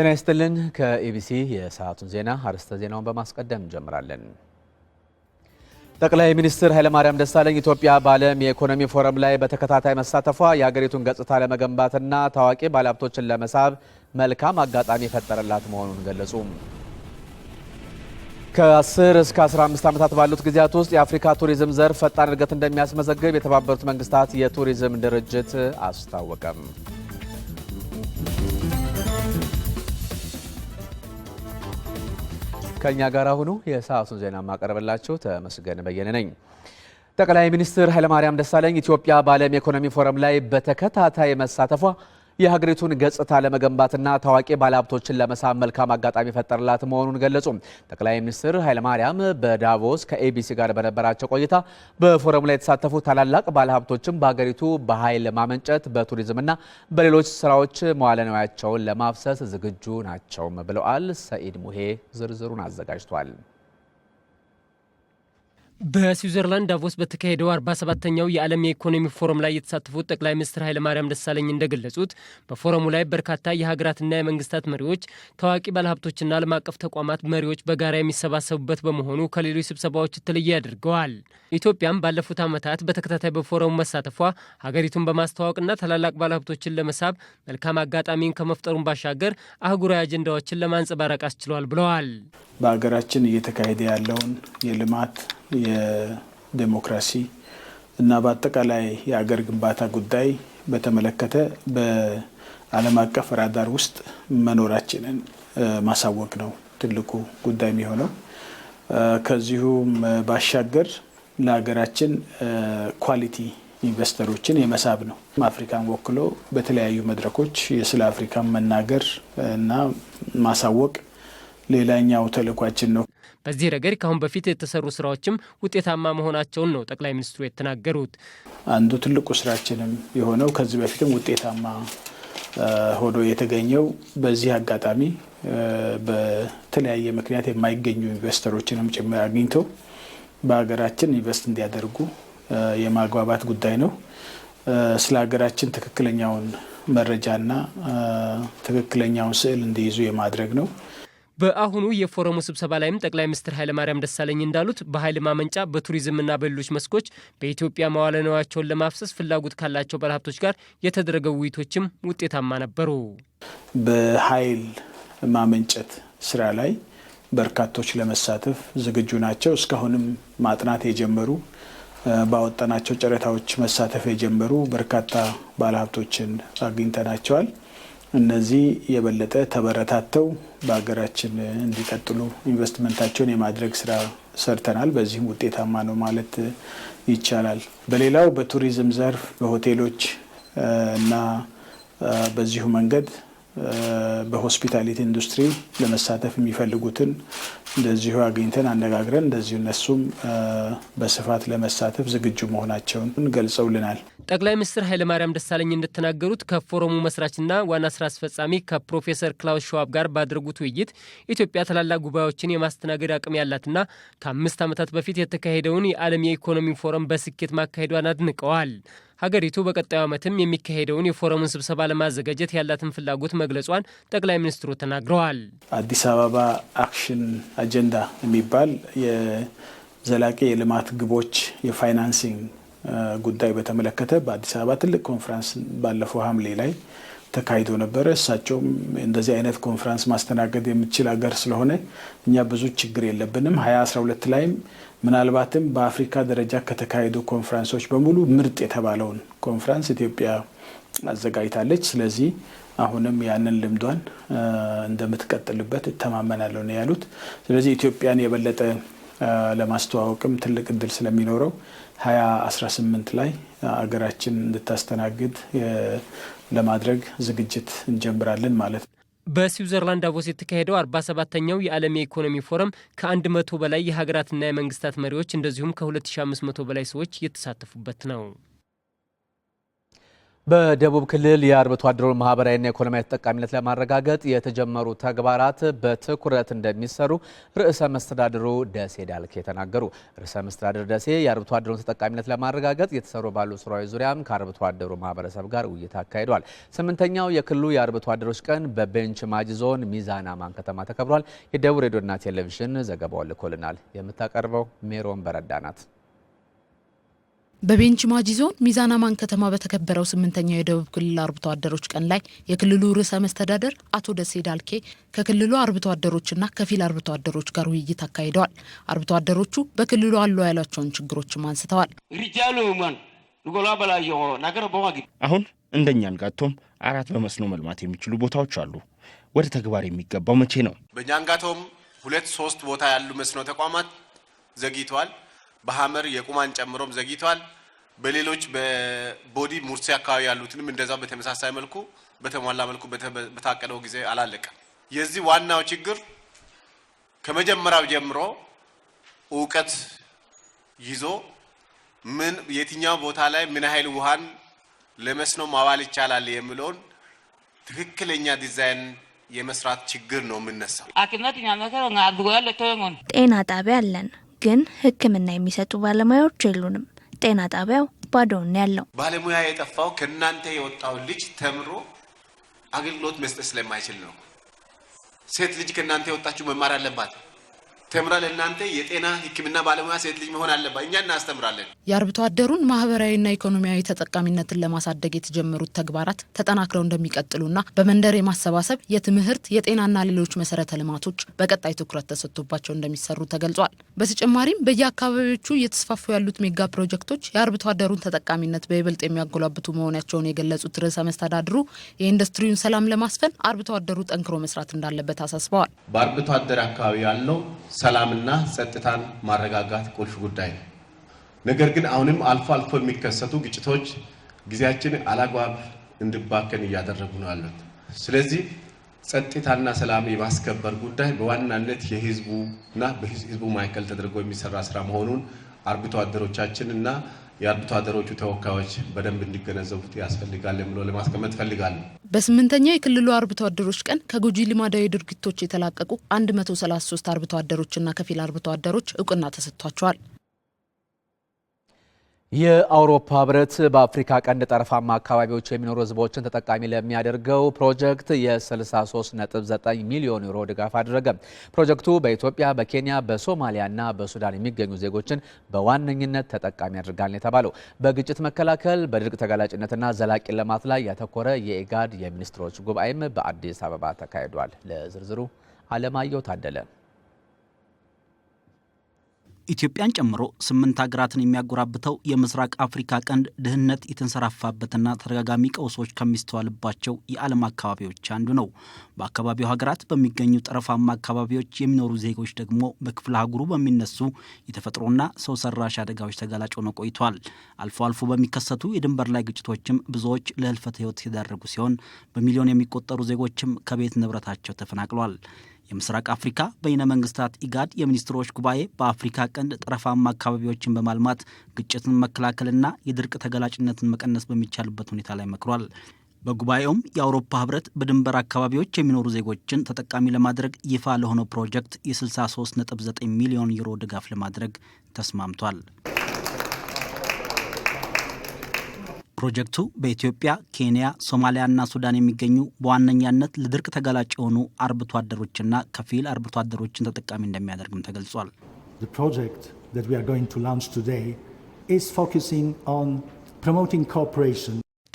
ጤና ይስጥልን። ከኢቢሲ የሰዓቱን ዜና አርዕስተ ዜናውን በማስቀደም እንጀምራለን። ጠቅላይ ሚኒስትር ኃይለማርያም ደሳለኝ ኢትዮጵያ በዓለም የኢኮኖሚ ፎረም ላይ በተከታታይ መሳተፏ የሀገሪቱን ገጽታ ለመገንባትና ታዋቂ ባለሀብቶችን ለመሳብ መልካም አጋጣሚ የፈጠረላት መሆኑን ገለጹ። ከ10 እስከ 15 ዓመታት ባሉት ጊዜያት ውስጥ የአፍሪካ ቱሪዝም ዘርፍ ፈጣን እድገት እንደሚያስመዘግብ የተባበሩት መንግስታት የቱሪዝም ድርጅት አስታወቀም። ከእኛ ጋር አሁኑ የሰዓቱን ዜና ማቀርብላችሁ ተመስገን በየነ ነኝ። ጠቅላይ ሚኒስትር ኃይለማርያም ደሳለኝ ኢትዮጵያ በዓለም የኢኮኖሚ ፎረም ላይ በተከታታይ መሳተፏ የሀገሪቱን ገጽታ ለመገንባትና ታዋቂ ባለሀብቶችን ለመሳብ መልካም አጋጣሚ ፈጠርላት መሆኑን ገለጹ። ጠቅላይ ሚኒስትር ኃይለማርያም በዳቮስ ከኤቢሲ ጋር በነበራቸው ቆይታ በፎረሙ ላይ የተሳተፉ ታላላቅ ባለሀብቶችን በሀገሪቱ በኃይል ማመንጨት በቱሪዝምና በሌሎች ስራዎች መዋለንዋያቸውን ለማፍሰስ ዝግጁ ናቸውም ብለዋል። ሰኢድ ሙሄ ዝርዝሩን አዘጋጅቷል። በስዊዘርላንድ ዳቮስ በተካሄደው አርባ ሰባተኛው የዓለም የኢኮኖሚ ፎረም ላይ የተሳተፉት ጠቅላይ ሚኒስትር ኃይለማርያም ደሳለኝ እንደገለጹት በፎረሙ ላይ በርካታ የሀገራትና የመንግስታት መሪዎች፣ ታዋቂ ባለሀብቶችና ዓለም አቀፍ ተቋማት መሪዎች በጋራ የሚሰባሰቡበት በመሆኑ ከሌሎች ስብሰባዎች የተለየ አድርገዋል። ኢትዮጵያም ባለፉት ዓመታት በተከታታይ በፎረሙ መሳተፏ ሀገሪቱን በማስተዋወቅና ታላላቅ ባለሀብቶችን ለመሳብ መልካም አጋጣሚን ከመፍጠሩን ባሻገር አህጉራዊ አጀንዳዎችን ለማንጸባረቅ አስችሏል ብለዋል። በሀገራችን እየተካሄደ ያለውን የልማት የዴሞክራሲ እና በአጠቃላይ የአገር ግንባታ ጉዳይ በተመለከተ በዓለም አቀፍ ራዳር ውስጥ መኖራችንን ማሳወቅ ነው ትልቁ ጉዳይ የሚሆነው። ከዚሁም ባሻገር ለሀገራችን ኳሊቲ ኢንቨስተሮችን የመሳብ ነው። አፍሪካን ወክሎ በተለያዩ መድረኮች ስለ አፍሪካን መናገር እና ማሳወቅ ሌላኛው ተልኳችን ነው። በዚህ ረገድ ከአሁን በፊት የተሰሩ ስራዎችም ውጤታማ መሆናቸውን ነው ጠቅላይ ሚኒስትሩ የተናገሩት። አንዱ ትልቁ ስራችንም የሆነው ከዚህ በፊትም ውጤታማ ሆኖ የተገኘው በዚህ አጋጣሚ በተለያየ ምክንያት የማይገኙ ኢንቨስተሮችንም ጭምር አግኝተው በሀገራችን ኢንቨስት እንዲያደርጉ የማግባባት ጉዳይ ነው። ስለ ሀገራችን ትክክለኛውን መረጃና ትክክለኛውን ስዕል እንዲይዙ የማድረግ ነው። በአሁኑ የፎረሙ ስብሰባ ላይም ጠቅላይ ሚኒስትር ኃይለማርያም ደሳለኝ እንዳሉት በኃይል ማመንጫ በቱሪዝምና በሌሎች መስኮች በኢትዮጵያ መዋለ ንዋያቸውን ለማፍሰስ ፍላጎት ካላቸው ባለሀብቶች ጋር የተደረገ ውይይቶችም ውጤታማ ነበሩ። በኃይል ማመንጨት ስራ ላይ በርካቶች ለመሳተፍ ዝግጁ ናቸው። እስካሁንም ማጥናት የጀመሩ ባወጣናቸው ጨረታዎች መሳተፍ የጀመሩ በርካታ ባለሀብቶችን አግኝተናቸዋል። እነዚህ የበለጠ ተበረታተው በሀገራችን እንዲቀጥሉ ኢንቨስትመንታቸውን የማድረግ ስራ ሰርተናል። በዚህም ውጤታማ ነው ማለት ይቻላል። በሌላው በቱሪዝም ዘርፍ በሆቴሎች እና በዚሁ መንገድ በሆስፒታሊቲ ኢንዱስትሪ ለመሳተፍ የሚፈልጉትን እንደዚሁ አግኝተን አነጋግረን እንደዚሁ እነሱም በስፋት ለመሳተፍ ዝግጁ መሆናቸውን ገልጸውልናል። ጠቅላይ ሚኒስትር ኃይለማርያም ደሳለኝ እንደተናገሩት ከፎረሙ መስራችና ዋና ስራ አስፈጻሚ ከፕሮፌሰር ክላውስ ሸዋብ ጋር ባደረጉት ውይይት ኢትዮጵያ ታላላቅ ጉባኤዎችን የማስተናገድ አቅም ያላትና ከአምስት ዓመታት በፊት የተካሄደውን የዓለም የኢኮኖሚ ፎረም በስኬት ማካሄዷን አድንቀዋል። ሀገሪቱ በቀጣዩ ዓመትም የሚካሄደውን የፎረሙን ስብሰባ ለማዘጋጀት ያላትን ፍላጎት መግለጿን ጠቅላይ ሚኒስትሩ ተናግረዋል። አዲስ አበባ አክሽን አጀንዳ የሚባል የዘላቂ የልማት ግቦች የፋይናንሲንግ ጉዳይ በተመለከተ በአዲስ አበባ ትልቅ ኮንፈረንስ ባለፈው ሐምሌ ላይ ተካሂዶ ነበረ። እሳቸውም እንደዚህ አይነት ኮንፈረንስ ማስተናገድ የምትችል ሀገር ስለሆነ እኛ ብዙ ችግር የለብንም። ሀያ አስራ ሁለት ላይም ምናልባትም በአፍሪካ ደረጃ ከተካሄዱ ኮንፈረንሶች በሙሉ ምርጥ የተባለውን ኮንፈረንስ ኢትዮጵያ አዘጋጅታለች። ስለዚህ አሁንም ያንን ልምዷን እንደምትቀጥልበት እተማመናለሁ ነው ያሉት። ስለዚህ ኢትዮጵያን የበለጠ ለማስተዋወቅም ትልቅ እድል ስለሚኖረው ሀያ አስራ ስምንት ላይ አገራችን እንድታስተናግድ ለማድረግ ዝግጅት እንጀምራለን ማለት ነው። በስዊዘርላንድ ዳቮስ የተካሄደው አርባ ሰባተኛው የዓለም የኢኮኖሚ ፎረም ከ100 በላይ የሀገራትና የመንግስታት መሪዎች እንደዚሁም ከ2500 በላይ ሰዎች የተሳተፉበት ነው። በደቡብ ክልል የአርብቶ አደሩ ማህበራዊና ኢኮኖሚያዊ ተጠቃሚነት ለማረጋገጥ የተጀመሩ ተግባራት በትኩረት እንደሚሰሩ ርዕሰ መስተዳድሩ ደሴ ዳልኬ ተናገሩ። ርዕሰ መስተዳድር ደሴ የአርብቶ አደሩን ተጠቃሚነት ለማረጋገጥ የተሰሩ ባሉ ስራዎች ዙሪያም ከአርብቶ አደሩ ማህበረሰብ ጋር ውይይት አካሂዷል። ስምንተኛው የክልሉ የአርብቶ አደሮች ቀን በቤንች ማጅ ዞን ሚዛን አማን ከተማ ተከብሯል። የደቡብ ሬዲዮና ቴሌቪዥን ዘገባው ልኮልናል። የምታቀርበው ሜሮን በረዳ ናት። በቤንች ማጂ ዞን ሚዛን አማን ከተማ በተከበረው ስምንተኛው የደቡብ ክልል አርብቶ አደሮች ቀን ላይ የክልሉ ርዕሰ መስተዳደር አቶ ደሴ ዳልኬ ከክልሉ አርብቶ አደሮችና ከፊል አርብቶ አደሮች ጋር ውይይት አካሂደዋል። አርብቶ አደሮቹ በክልሉ አሉ ያሏቸውን ችግሮችም አንስተዋል። አሁን እንደኛ አንጋቶም አራት በመስኖ መልማት የሚችሉ ቦታዎች አሉ። ወደ ተግባር የሚገባው መቼ ነው? በእኛ አንጋቶም ሁለት ሶስት ቦታ ያሉ መስኖ ተቋማት ዘግይተዋል። በሀመር የቁማን ጨምሮም ዘግይተዋል። በሌሎች በቦዲ ሙርሲ አካባቢ ያሉትንም እንደዛው በተመሳሳይ መልኩ በተሟላ መልኩ በታቀደው ጊዜ አላለቀም። የዚህ ዋናው ችግር ከመጀመሪያው ጀምሮ እውቀት ይዞ ምን የትኛው ቦታ ላይ ምን ያህል ውሃን ለመስኖ ማዋል ይቻላል የሚለውን ትክክለኛ ዲዛይን የመስራት ችግር ነው የምነሳው። ጤና ጣቢያ አለን፣ ግን ሕክምና የሚሰጡ ባለሙያዎች የሉንም። ጤና ጣቢያው ባዶውን ያለው ባለሙያ የጠፋው ከእናንተ የወጣው ልጅ ተምሮ አገልግሎት መስጠት ስለማይችል ነው። ሴት ልጅ ከእናንተ የወጣችሁ መማር አለባት። ተምራ ለእናንተ የጤና ሕክምና ባለሙያ ሴት ልጅ መሆን አለባ። እኛ እናስተምራለን። የአርብቶ አደሩን ማህበራዊና ኢኮኖሚያዊ ተጠቃሚነትን ለማሳደግ የተጀመሩት ተግባራት ተጠናክረው እንደሚቀጥሉና በመንደር የማሰባሰብ የትምህርት፣ የጤናና ሌሎች መሰረተ ልማቶች በቀጣይ ትኩረት ተሰጥቶባቸው እንደሚሰሩ ተገልጿል። በተጨማሪም በየአካባቢዎቹ እየተስፋፉ ያሉት ሜጋ ፕሮጀክቶች የአርብቶ አደሩን ተጠቃሚነት በይበልጥ የሚያጎላብቱ መሆናቸውን የገለጹት ርዕሰ መስተዳድሩ የኢንዱስትሪውን ሰላም ለማስፈን አርብቶ አደሩ ጠንክሮ መስራት እንዳለበት አሳስበዋል። በአርብቶ አደር አካባቢ ያለው ሰላምና ጸጥታን ማረጋጋት ቁልፍ ጉዳይ ነው። ነገር ግን አሁንም አልፎ አልፎ የሚከሰቱ ግጭቶች ጊዜያችን አላግባብ እንድባከን እያደረጉ ነው ያሉት። ስለዚህ ጸጥታና ሰላም የማስከበር ጉዳይ በዋናነት የህዝቡና በህዝቡ ማዕከል ተደርጎ የሚሰራ ስራ መሆኑን አርብቶ አደሮቻችን እና የአርብቶ አደሮቹ ተወካዮች በደንብ እንዲገነዘቡት ያስፈልጋል ብሎ ለማስቀመጥ ፈልጋለሁ። በስምንተኛው የክልሉ አርብቶ አደሮች ቀን ከጉጂ ልማዳዊ ድርጊቶች የተላቀቁ 133 አርብቶ አደሮችና ከፊል አርብቶ አደሮች እውቅና ተሰጥቷቸዋል። የአውሮፓ ህብረት በአፍሪካ ቀንድ ጠረፋማ አካባቢዎች የሚኖሩ ህዝቦችን ተጠቃሚ ለሚያደርገው ፕሮጀክት የ63.9 ሚሊዮን ዩሮ ድጋፍ አደረገ። ፕሮጀክቱ በኢትዮጵያ፣ በኬንያ፣ በሶማሊያ እና በሱዳን የሚገኙ ዜጎችን በዋነኝነት ተጠቃሚ ያደርጋል ነው የተባለው። በግጭት መከላከል፣ በድርቅ ተጋላጭነትና ዘላቂ ልማት ላይ ያተኮረ የኢጋድ የሚኒስትሮች ጉባኤም በአዲስ አበባ ተካሂዷል። ለዝርዝሩ አለማየሁ ታደለ ኢትዮጵያን ጨምሮ ስምንት ሀገራትን የሚያጎራብተው የምስራቅ አፍሪካ ቀንድ ድህነት የተንሰራፋበትና ተደጋጋሚ ቀውሶች ከሚስተዋልባቸው የዓለም አካባቢዎች አንዱ ነው። በአካባቢው ሀገራት በሚገኙ ጠረፋማ አካባቢዎች የሚኖሩ ዜጎች ደግሞ በክፍለ አህጉሩ በሚነሱ የተፈጥሮና ሰው ሰራሽ አደጋዎች ተጋላጭ ሆነው ቆይቷል። አልፎ አልፎ በሚከሰቱ የድንበር ላይ ግጭቶችም ብዙዎች ለህልፈት ህይወት ሲዳረጉ ሲሆን በሚሊዮን የሚቆጠሩ ዜጎችም ከቤት ንብረታቸው ተፈናቅሏል። የምስራቅ አፍሪካ በይነ መንግስታት ኢጋድ የሚኒስትሮች ጉባኤ በአፍሪካ ቀንድ ጠረፋማ አካባቢዎችን በማልማት ግጭትን መከላከልና የድርቅ ተገላጭነትን መቀነስ በሚቻልበት ሁኔታ ላይ መክሯል። በጉባኤውም የአውሮፓ ህብረት በድንበር አካባቢዎች የሚኖሩ ዜጎችን ተጠቃሚ ለማድረግ ይፋ ለሆነው ፕሮጀክት የ63.9 ሚሊዮን ዩሮ ድጋፍ ለማድረግ ተስማምቷል። ፕሮጀክቱ በኢትዮጵያ፣ ኬንያ፣ ሶማሊያና ሱዳን የሚገኙ በዋነኛነት ለድርቅ ተጋላጭ የሆኑ አርብቶ አደሮችና ከፊል አርብቶ አደሮችን ተጠቃሚ እንደሚያደርግም ተገልጿል።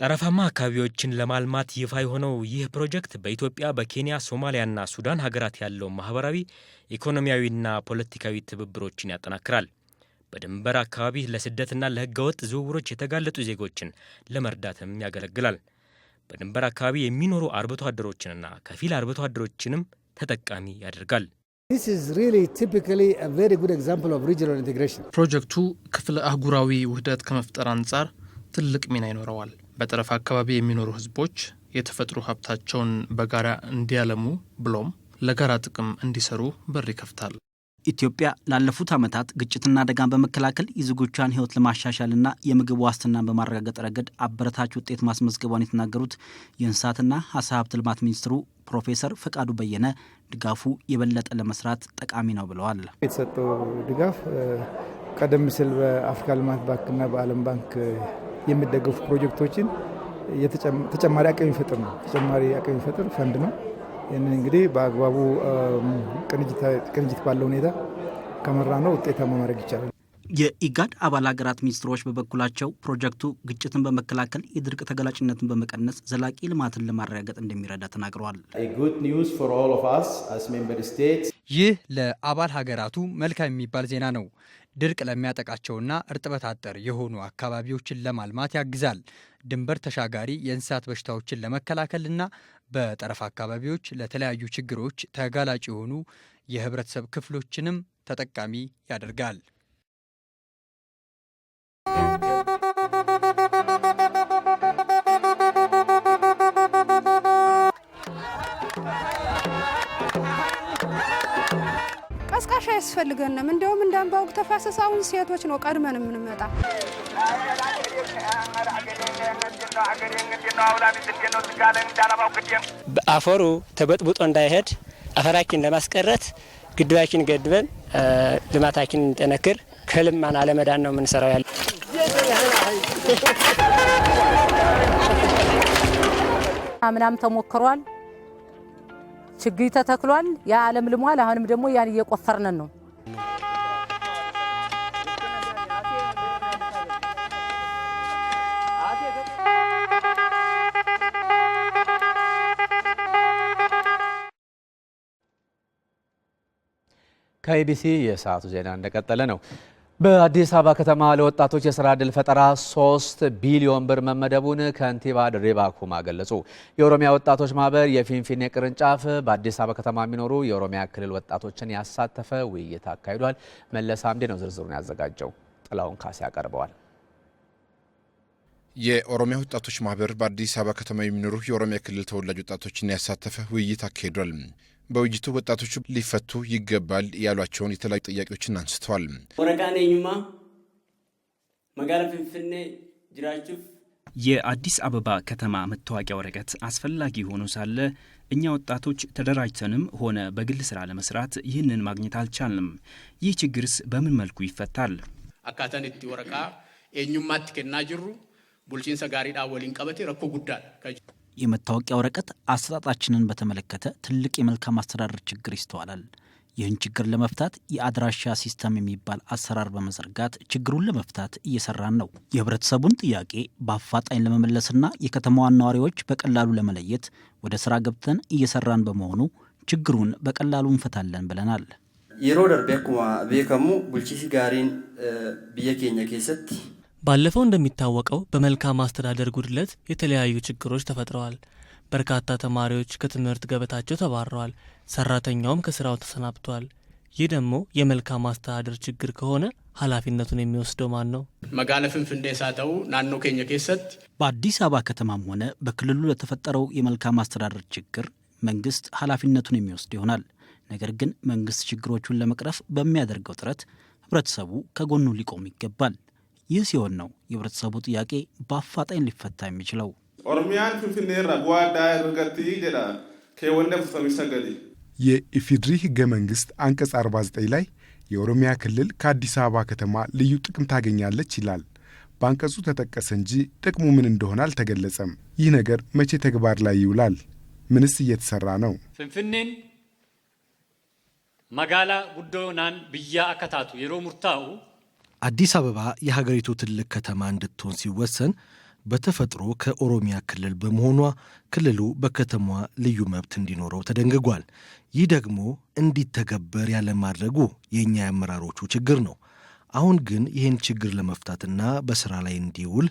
ጠረፋማ አካባቢዎችን ለማልማት ይፋ የሆነው ይህ ፕሮጀክት በኢትዮጵያ፣ በኬንያ፣ ሶማሊያና ሱዳን ሀገራት ያለው ማህበራዊ ኢኮኖሚያዊና ፖለቲካዊ ትብብሮችን ያጠናክራል። በድንበር አካባቢ ለስደትና ለህገወጥ ዝውውሮች የተጋለጡ ዜጎችን ለመርዳትም ያገለግላል። በድንበር አካባቢ የሚኖሩ አርብቶ አደሮችንና ከፊል አርብቶ አደሮችንም ተጠቃሚ ያደርጋል። ፕሮጀክቱ ክፍለ አህጉራዊ ውህደት ከመፍጠር አንጻር ትልቅ ሚና ይኖረዋል። በጠረፍ አካባቢ የሚኖሩ ህዝቦች የተፈጥሮ ሀብታቸውን በጋራ እንዲያለሙ ብሎም ለጋራ ጥቅም እንዲሰሩ በር ይከፍታል። ኢትዮጵያ ላለፉት ዓመታት ግጭትና አደጋን በመከላከል የዜጎቿን ህይወት ለማሻሻልና የምግብ ዋስትናን በማረጋገጥ ረገድ አበረታች ውጤት ማስመዝገቧን የተናገሩት የእንስሳትና ዓሳ ሀብት ልማት ሚኒስትሩ ፕሮፌሰር ፈቃዱ በየነ ድጋፉ የበለጠ ለመስራት ጠቃሚ ነው ብለዋል። የተሰጠው ድጋፍ ቀደም ሲል በአፍሪካ ልማት ባንክና በዓለም ባንክ የሚደገፉ ፕሮጀክቶችን ተጨማሪ አቅም ይፈጥር ነው። ተጨማሪ አቅም ይፈጥር ፈንድ ነው። ይህንን እንግዲህ በአግባቡ ቅንጅት ባለው ሁኔታ ከመራ ነው ውጤታማ ማድረግ ይቻላል። የኢጋድ አባል ሀገራት ሚኒስትሮች በበኩላቸው ፕሮጀክቱ ግጭትን በመከላከል የድርቅ ተገላጭነትን በመቀነስ ዘላቂ ልማትን ለማረጋገጥ እንደሚረዳ ተናግረዋል። ይህ ለአባል ሀገራቱ መልካም የሚባል ዜና ነው። ድርቅ ለሚያጠቃቸውና እርጥበት አጠር የሆኑ አካባቢዎችን ለማልማት ያግዛል። ድንበር ተሻጋሪ የእንስሳት በሽታዎችን ለመከላከልና በጠረፍ አካባቢዎች ለተለያዩ ችግሮች ተጋላጭ የሆኑ የህብረተሰብ ክፍሎችንም ተጠቃሚ ያደርጋል። አያስፈልገንም። እንደውም እንደ አምባ ወግ ተፋሰስ አሁን ሴቶች ነው ቀድመን የምንመጣ። አፈሩ ተበጥብጦ እንዳይሄድ አፈራችን ለማስቀረት ግድባችን ገድበን ልማታችን እንጠነክር። ከልማን አለመዳን ነው የምንሰራው ያለ ምናም ተሞክሯል። ችግኝ ተተክሏል። ያ ልሟል። አሁንም ደግሞ ያን እየቆፈርነን ነው። ከኢቢሲ የሰዓቱ ዜና እንደቀጠለ ነው። በአዲስ አበባ ከተማ ለወጣቶች የስራ ዕድል ፈጠራ 3 ቢሊዮን ብር መመደቡን ከንቲባ ድሪባ ኩማ ገለጹ። የኦሮሚያ ወጣቶች ማህበር የፊንፊኔ ቅርንጫፍ በአዲስ አበባ ከተማ የሚኖሩ የኦሮሚያ ክልል ወጣቶችን ያሳተፈ ውይይት አካሂዷል። መለስ አምዴ ነው ዝርዝሩን ያዘጋጀው። ጥላውን ካሴ ያቀርበዋል። የኦሮሚያ ወጣቶች ማህበር በአዲስ አበባ ከተማ የሚኖሩ የኦሮሚያ ክልል ተወላጅ ወጣቶችን ያሳተፈ ውይይት አካሂዷል። በውይይቱ ወጣቶቹ ሊፈቱ ይገባል ያሏቸውን የተለያዩ ጥያቄዎችን አንስተዋል። ወረቃነኝማ መጋለ ፍንፍኔ ጅራችሁ የአዲስ አበባ ከተማ መታወቂያ ወረቀት አስፈላጊ ሆኖ ሳለ እኛ ወጣቶች ተደራጅተንም ሆነ በግል ስራ ለመስራት ይህንን ማግኘት አልቻልንም። ይህ ችግርስ በምን መልኩ ይፈታል? አካተን እቲ ወረቃ ኤኙማት ከና ጅሩ ቡልሲንሰ ጋሪዳ ወሊን ቀበቴ ረኮ ጉዳል የመታወቂያ ወረቀት አሰጣጣችንን በተመለከተ ትልቅ የመልካም አስተዳደር ችግር ይስተዋላል። ይህን ችግር ለመፍታት የአድራሻ ሲስተም የሚባል አሰራር በመዘርጋት ችግሩን ለመፍታት እየሰራን ነው። የህብረተሰቡን ጥያቄ በአፋጣኝ ለመመለስና የከተማዋን ነዋሪዎች በቀላሉ ለመለየት ወደ ስራ ገብተን እየሰራን በመሆኑ ችግሩን በቀላሉ እንፈታለን ብለናል። የሮደር ቤኩማ ቤከሙ ጉልቺሲ ጋሪን ብየ ኬሰት ባለፈው እንደሚታወቀው በመልካም አስተዳደር ጉድለት የተለያዩ ችግሮች ተፈጥረዋል። በርካታ ተማሪዎች ከትምህርት ገበታቸው ተባረዋል፣ ሰራተኛውም ከስራው ተሰናብቷል። ይህ ደግሞ የመልካም አስተዳደር ችግር ከሆነ ኃላፊነቱን የሚወስደው ማን ነው? መጋለፍን ፍንዴ ሳተው ናኖ ኬኘ ኬሰት በአዲስ አበባ ከተማም ሆነ በክልሉ ለተፈጠረው የመልካም አስተዳደር ችግር መንግስት ኃላፊነቱን የሚወስድ ይሆናል። ነገር ግን መንግስት ችግሮቹን ለመቅረፍ በሚያደርገው ጥረት ህብረተሰቡ ከጎኑ ሊቆም ይገባል። ይህ ሲሆን ነው የህብረተሰቡ ጥያቄ በአፋጣኝ ሊፈታ የሚችለው። ኦሮሚያን ፊንፊኔራ ጓዳ ርገቲ ጀዳ ከወነ ሰሚሰገዲ የኢፌድሪ ህገ መንግስት አንቀጽ 49 ላይ የኦሮሚያ ክልል ከአዲስ አበባ ከተማ ልዩ ጥቅም ታገኛለች ይላል። በአንቀጹ ተጠቀሰ እንጂ ጥቅሙ ምን እንደሆነ አልተገለጸም። ይህ ነገር መቼ ተግባር ላይ ይውላል? ምንስ እየተሰራ ነው? ፍንፍኔን መጋላ ጉዶናን ብያ አከታቱ የሮ ሙርታው አዲስ አበባ የሀገሪቱ ትልቅ ከተማ እንድትሆን ሲወሰን በተፈጥሮ ከኦሮሚያ ክልል በመሆኗ ክልሉ በከተማዋ ልዩ መብት እንዲኖረው ተደንግጓል። ይህ ደግሞ እንዲተገበር ያለማድረጉ የእኛ የአመራሮቹ ችግር ነው። አሁን ግን ይህን ችግር ለመፍታትና በስራ ላይ እንዲውል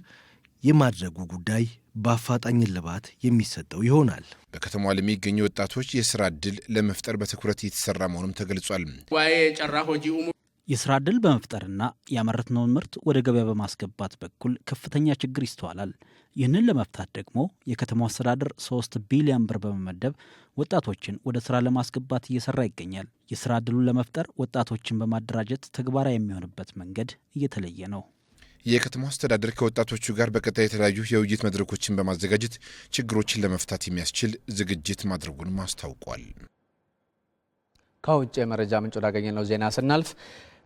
የማድረጉ ጉዳይ በአፋጣኝ እልባት የሚሰጠው ይሆናል። በከተማዋ ለሚገኙ ወጣቶች የስራ እድል ለመፍጠር በትኩረት እየተሰራ መሆኑም ተገልጿል። ዋዬ ጨራ ሆጂ የስራ ዕድል በመፍጠርና ያመረትነውን ምርት ወደ ገበያ በማስገባት በኩል ከፍተኛ ችግር ይስተዋላል። ይህንን ለመፍታት ደግሞ የከተማው አስተዳደር ሶስት ቢሊዮን ብር በመመደብ ወጣቶችን ወደ ስራ ለማስገባት እየሰራ ይገኛል። የስራ ዕድሉን ለመፍጠር ወጣቶችን በማደራጀት ተግባራዊ የሚሆንበት መንገድ እየተለየ ነው። የከተማ አስተዳደር ከወጣቶቹ ጋር በቀጣይ የተለያዩ የውይይት መድረኮችን በማዘጋጀት ችግሮችን ለመፍታት የሚያስችል ዝግጅት ማድረጉንም አስታውቋል። ከውጭ የመረጃ ምንጭ ወዳገኘ ነው ዜና ስናልፍ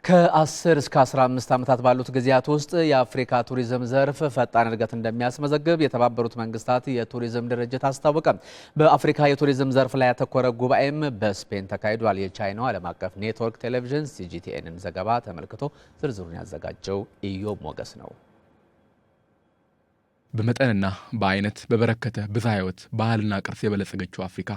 ከ10 እስከ 15 ዓመታት ባሉት ጊዜያት ውስጥ የአፍሪካ ቱሪዝም ዘርፍ ፈጣን እድገት እንደሚያስመዘግብ የተባበሩት መንግስታት የቱሪዝም ድርጅት አስታወቀ። በአፍሪካ የቱሪዝም ዘርፍ ላይ ያተኮረ ጉባኤም በስፔን ተካሂዷል። የቻይናው ዓለም አቀፍ ኔትወርክ ቴሌቪዥን ሲጂቲኤንን ዘገባ ተመልክቶ ዝርዝሩን ያዘጋጀው ኢዮ ሞገስ ነው። በመጠንና በአይነት በበረከተ ብዝሃ ህይወት ባህልና ቅርስ የበለጸገችው አፍሪካ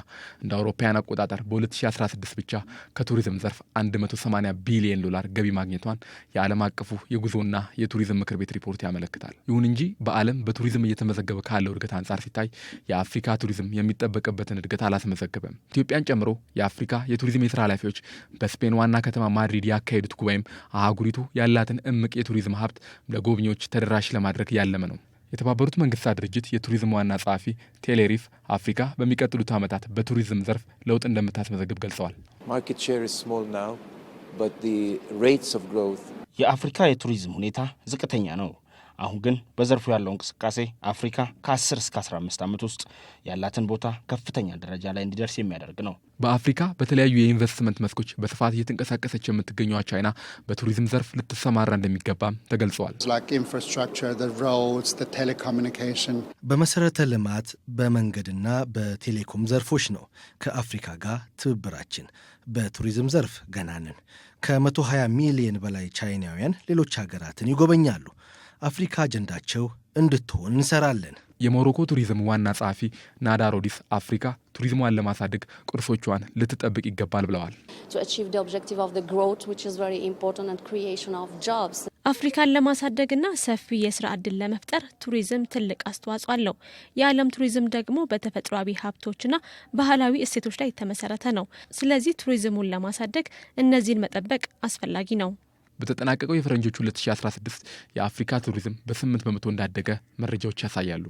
እንደ አውሮፓውያን አቆጣጠር በ2016 ብቻ ከቱሪዝም ዘርፍ 180 ቢሊዮን ዶላር ገቢ ማግኘቷን የዓለም አቀፉ የጉዞና የቱሪዝም ምክር ቤት ሪፖርት ያመለክታል። ይሁን እንጂ በዓለም በቱሪዝም እየተመዘገበ ካለው እድገት አንጻር ሲታይ የአፍሪካ ቱሪዝም የሚጠበቅበትን እድገት አላስመዘገበም። ኢትዮጵያን ጨምሮ የአፍሪካ የቱሪዝም የስራ ኃላፊዎች በስፔን ዋና ከተማ ማድሪድ ያካሄዱት ጉባኤም አህጉሪቱ ያላትን እምቅ የቱሪዝም ሀብት ለጎብኚዎች ተደራሽ ለማድረግ ያለመ ነው። የተባበሩት መንግስታት ድርጅት የቱሪዝም ዋና ጸሐፊ ቴሌሪፍ አፍሪካ በሚቀጥሉት ዓመታት በቱሪዝም ዘርፍ ለውጥ እንደምታስመዘግብ ገልጸዋል። የአፍሪካ የቱሪዝም ሁኔታ ዝቅተኛ ነው። አሁን ግን በዘርፉ ያለው እንቅስቃሴ አፍሪካ ከ10 እስከ 15 ዓመት ውስጥ ያላትን ቦታ ከፍተኛ ደረጃ ላይ እንዲደርስ የሚያደርግ ነው። በአፍሪካ በተለያዩ የኢንቨስትመንት መስኮች በስፋት እየተንቀሳቀሰች የምትገኘዋ ቻይና በቱሪዝም ዘርፍ ልትሰማራ እንደሚገባም ተገልጸዋል። በመሰረተ ልማት በመንገድና በቴሌኮም ዘርፎች ነው ከአፍሪካ ጋር ትብብራችን። በቱሪዝም ዘርፍ ገናንን ከ ከ120 ሚሊዮን በላይ ቻይናውያን ሌሎች ሀገራትን ይጎበኛሉ። አፍሪካ አጀንዳቸው እንድትሆን እንሰራለን። የሞሮኮ ቱሪዝም ዋና ጸሐፊ ናዳ ሮዲስ አፍሪካ ቱሪዝሟን ለማሳደግ ቅርሶቿን ልትጠብቅ ይገባል ብለዋል። አፍሪካን ለማሳደግና ሰፊ የስራ ዕድል ለመፍጠር ቱሪዝም ትልቅ አስተዋጽኦ አለው። የዓለም ቱሪዝም ደግሞ በተፈጥሯዊ ሀብቶችና ባህላዊ እሴቶች ላይ የተመሰረተ ነው። ስለዚህ ቱሪዝሙን ለማሳደግ እነዚህን መጠበቅ አስፈላጊ ነው። በተጠናቀቀው የፈረንጆች 2016 የአፍሪካ ቱሪዝም በ8 በመቶ እንዳደገ መረጃዎች ያሳያሉ።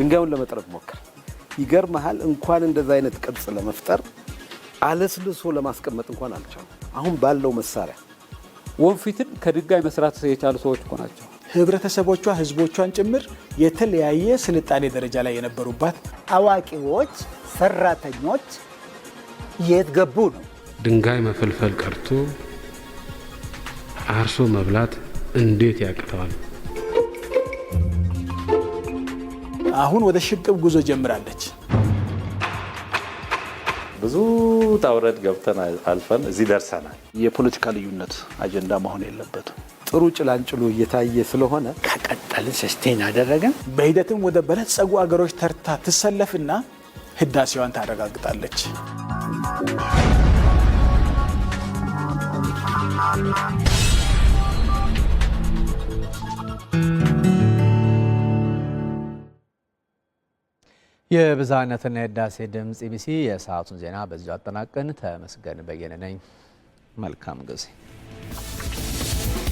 ድንጋዩን ለመጥረብ ሞክር። ይገርመሃል፣ እንኳን እንደዛ አይነት ቅርጽ ለመፍጠር አለስልሶ ለማስቀመጥ እንኳን አልቻሉ። አሁን ባለው መሳሪያ ወንፊትን ከድንጋይ መስራት የቻሉ ሰዎች እኮ ናቸው። ህብረተሰቦቿ ህዝቦቿን ጭምር የተለያየ ስልጣኔ ደረጃ ላይ የነበሩባት አዋቂዎች፣ ሰራተኞች የት ገቡ ነው። ድንጋይ መፈልፈል ቀርቶ አርሶ መብላት እንዴት ያቅተዋል? አሁን ወደ ሽቅብ ጉዞ ጀምራለች። ብዙ ጣውረድ ገብተን አልፈን እዚህ ደርሰናል። የፖለቲካ ልዩነት አጀንዳ መሆን የለበትም። ጥሩ ጭላንጭሉ እየታየ ስለሆነ ከቀጠልን ሰስቴን አደረገን በሂደትም ወደ በለጸጉ አገሮች ተርታ ትሰለፍና ህዳሴዋን ታረጋግጣለች። Thank you. የብዝሃነትና የህዳሴ ድምፅ ኢቢሲ የሰዓቱን ዜና በዚሁ አጠናቀን። ተመስገን በየነ ነኝ። መልካም ጊዜ